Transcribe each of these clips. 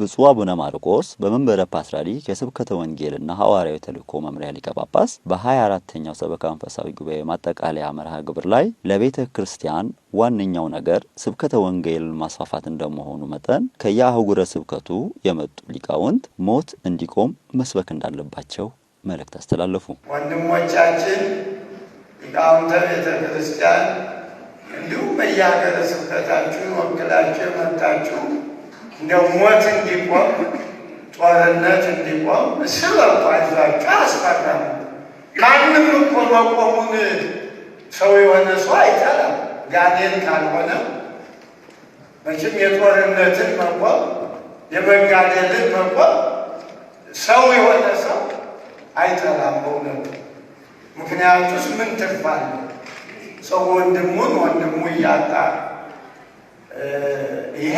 ብፁዕ አቡነ ማርቆስ በመንበረ ፓትርያርክ የስብከተ ወንጌልና ሐዋርያዊ ተልእኮ መምሪያ ሊቀ ጳጳስ በ24ተኛው ሰበካ መንፈሳዊ ጉባኤ ማጠቃለያ መርሃ ግብር ላይ ለቤተ ክርስቲያን ዋነኛው ነገር ስብከተ ወንጌል ማስፋፋት እንደመሆኑ መጠን ከየአህጉረ ስብከቱ የመጡ ሊቃውንት ሞት እንዲቆም መስበክ እንዳለባቸው መልእክት አስተላለፉ። ወንድሞቻችን ሊቃውንተ ቤተ ክርስቲያን እንዲሁም በየሀገረ ስብከታችሁ ወክላችሁ የመጣችሁ እንደው ሞት እንዲቆም ጦርነት እንዲቆም ስለቱ አዝራጫ አስፈራ ካንም እኮ መቆሙን ሰው የሆነ ሰው አይጠላም። ጋኔን ካልሆነ መቼም የጦርነትን መቆም የመጋደልን መቆም ሰው የሆነ ሰው አይጠላም በእውነቱ። ምክንያቱስ ምን ትርፋለ? ሰው ወንድሙን ወንድሙ እያጣ ይሄ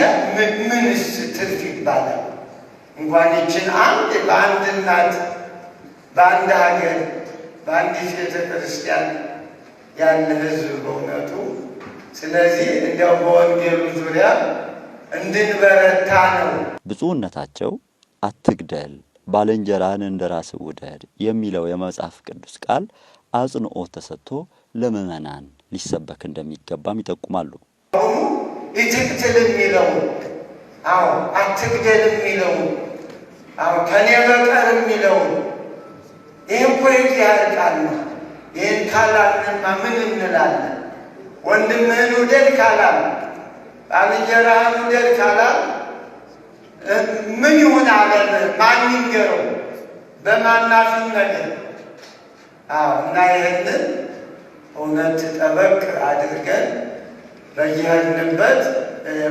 ምንስ ትርፍ ይባላል? እንኳን ይችን አንድ በአንድ እናት በአንድ ሀገር በአንድ ቤተ ክርስቲያን ያለ ህዝብ በእውነቱ ስለዚህ እንዲያው በወንጌሉ ዙሪያ እንድንበረታ ነው። ብፁዕነታቸው አትግደል፣ ባልንጀራን እንደ ራስህ ውደድ የሚለው የመጽሐፍ ቅዱስ ቃል አጽንዖት ተሰጥቶ ለምዕመናን ሊሰበክ እንደሚገባም ይጠቁማሉ። ኢትቅትል የሚለው አዎ አትግደል የሚለው አዎ ከኔ በቀር የሚለው ይህ እኮ የእግዚአብሔር ይህን ካላልንማ ምን እንላለን? ወንድምህን ውደድ ካላል፣ ባልንጀራህን ውደድ ካላል ምን ይሁን አለን? ማን ይንገረው? በማናፊን ነገር አዎ እና ይህንን እውነት ጠበቅ አድርገን በየሄድንበት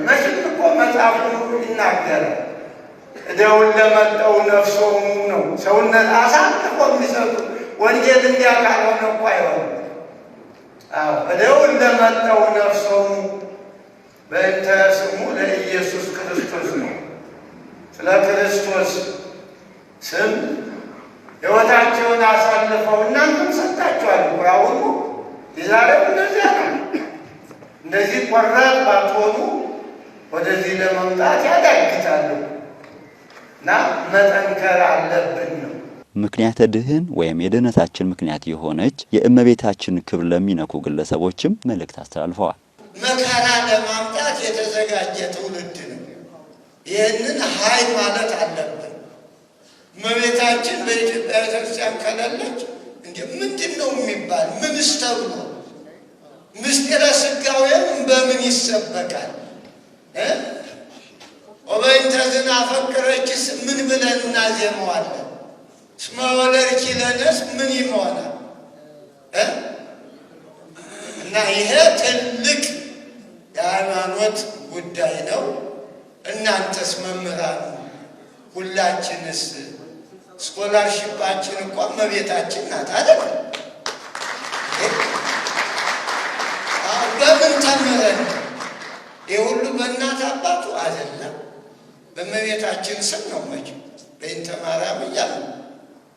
መቼም እኮ መጽሐፍ ሁሉ ይናገራል። እደውን ለመጠው ነፍሶ ነው ሰውነት አሳልፎ የሚሰጡ ወንጌል እንዲያ ካልሆነ እኮ አይሆንም። እደውን ለመጠው ነፍሶ በእንተ ስሙ ለኢየሱስ ክርስቶስ ነው። ስለ ክርስቶስ ስም ሕይወታቸውን አሳልፈው እናንተም ሰጣችኋል። ኩራውኑ የዛሬው እነዚያ ነው እንደዚህ ቆራጥ ባትሆኑ ወደዚህ ለመምጣት ያዳግታሉ እና መጠንከር አለብን ነው። ምክንያተ ድህን ወይም የድኅነታችን ምክንያት የሆነች የእመቤታችን ክብር ለሚነኩ ግለሰቦችም መልእክት አስተላልፈዋል። መከራ ለማምጣት የተዘጋጀ ትውልድ ነው። ይህንን ሀይ ማለት አለብን። እመቤታችን በኢትዮጵያ ቤተክርስቲያን ከሌለች እንዲ ምንድን ነው የሚባል ምንስተው ነው ምስጢረ ሥጋዌም በምን ይሰበካል? ኦበይንተዝን አፈቅረችስ ምን ብለን እናዜመዋለን? እስመ ወለድኪ ለነስ ምን ይመዋላል? እና ይሄ ትልቅ የሃይማኖት ጉዳይ ነው። እናንተስ መምህራን ሁላችንስ ስኮላርሽፓችን እንኳን መቤታችን ናት አይደል? አይደለም። በእመቤታችን ስም ነው መች በእንተ ማርያም እያሉ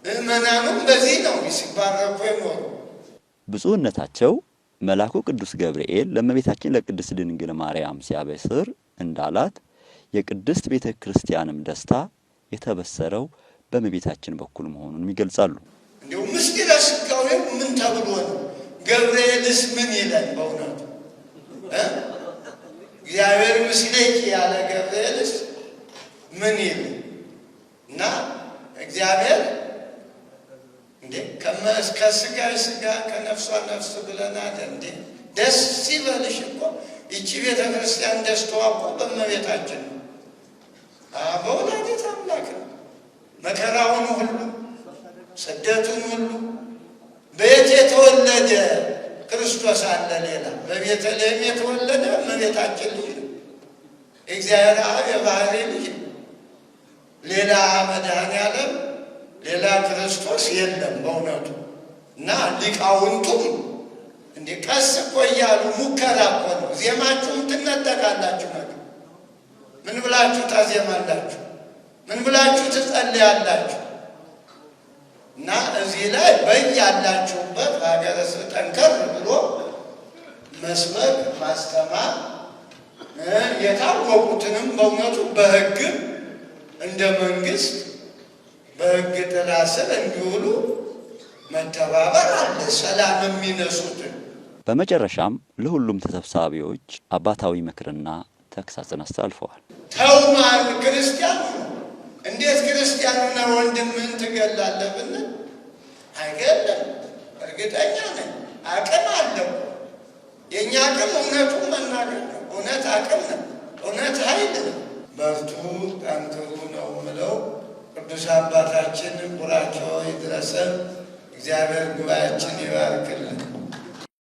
ምእመናኑም በዚህ ነው ሲባረኩ የኖሩ። ብፁዕነታቸው መልአኩ ቅዱስ ገብርኤል ለእመቤታችን ለቅድስት ድንግል ማርያም ሲያበስር እንዳላት የቅድስት ቤተ ክርስቲያንም ደስታ የተበሰረው በእመቤታችን በኩል መሆኑንም ይገልጻሉ። እንዲሁ ምስጢረ ሥጋዌው ምን ተብሎ ነው? ገብርኤልስ ምን ይለን? እግዚአብሔር ምስሌኪ ያለ ገብርኤልስ ምን ይል እና እግዚአብሔር እንዴ ከስጋ ስጋ ከነፍሷ ነፍስ ብለናል። እንዴ ደስ ሲበልሽ እኮ ይቺ ቤተ ክርስቲያን ደስታዋ እኮ በመቤታችን ነው። በወላዲተ አምላክ ነው። መከራውን ሁሉ ስደቱን ሁሉ ቤት የተወለደ ክርስቶስ አለ ሌላ በቤተልሔም የተወለደ እመቤታችን ልጅ ነው። እግዚአብሔር አብ የባህሪ ልጅ ነው። ሌላ መድኃኔ ዓለም ሌላ ክርስቶስ የለም በእውነቱ እና ሊቃውንቱም እንዲ ቀስ እኮ እያሉ ሙከራ እኮ ነው። ዜማችሁም ትነጠቃላችሁ። ነገር ምን ብላችሁ ታዜማላችሁ? ምን ብላችሁ ትጸልያላችሁ? እና እዚህ ላይ በያላችሁበት ሀገረ ጠንከር ብሎ መስበክ ማስተማር የታወቁትንም በእውነቱ በህግ እንደ መንግስት በህግ ጥላ ስር እንዲውሉ መተባበር አለ። ሰላም የሚነሱትን በመጨረሻም ለሁሉም ተሰብሳቢዎች አባታዊ ምክርና ተግሳጽን አስተላልፈዋል። ተውማን ክርስቲያን እንዴት ክርስቲያንና ወንድምህን ትገላለህ ብንል አይገለም። እርግጠኛ ነኝ አቅም አለው። የእኛ አቅም እውነቱ መናገር ነው። እውነት አቅም ነው። እውነት ኃይል ነው። በርቱ፣ ጠንክሩ ነው ምለው። ቅዱስ አባታችን ቡራቸው ይድረሰን። እግዚአብሔር ጉባኤያችን ይባርክልን።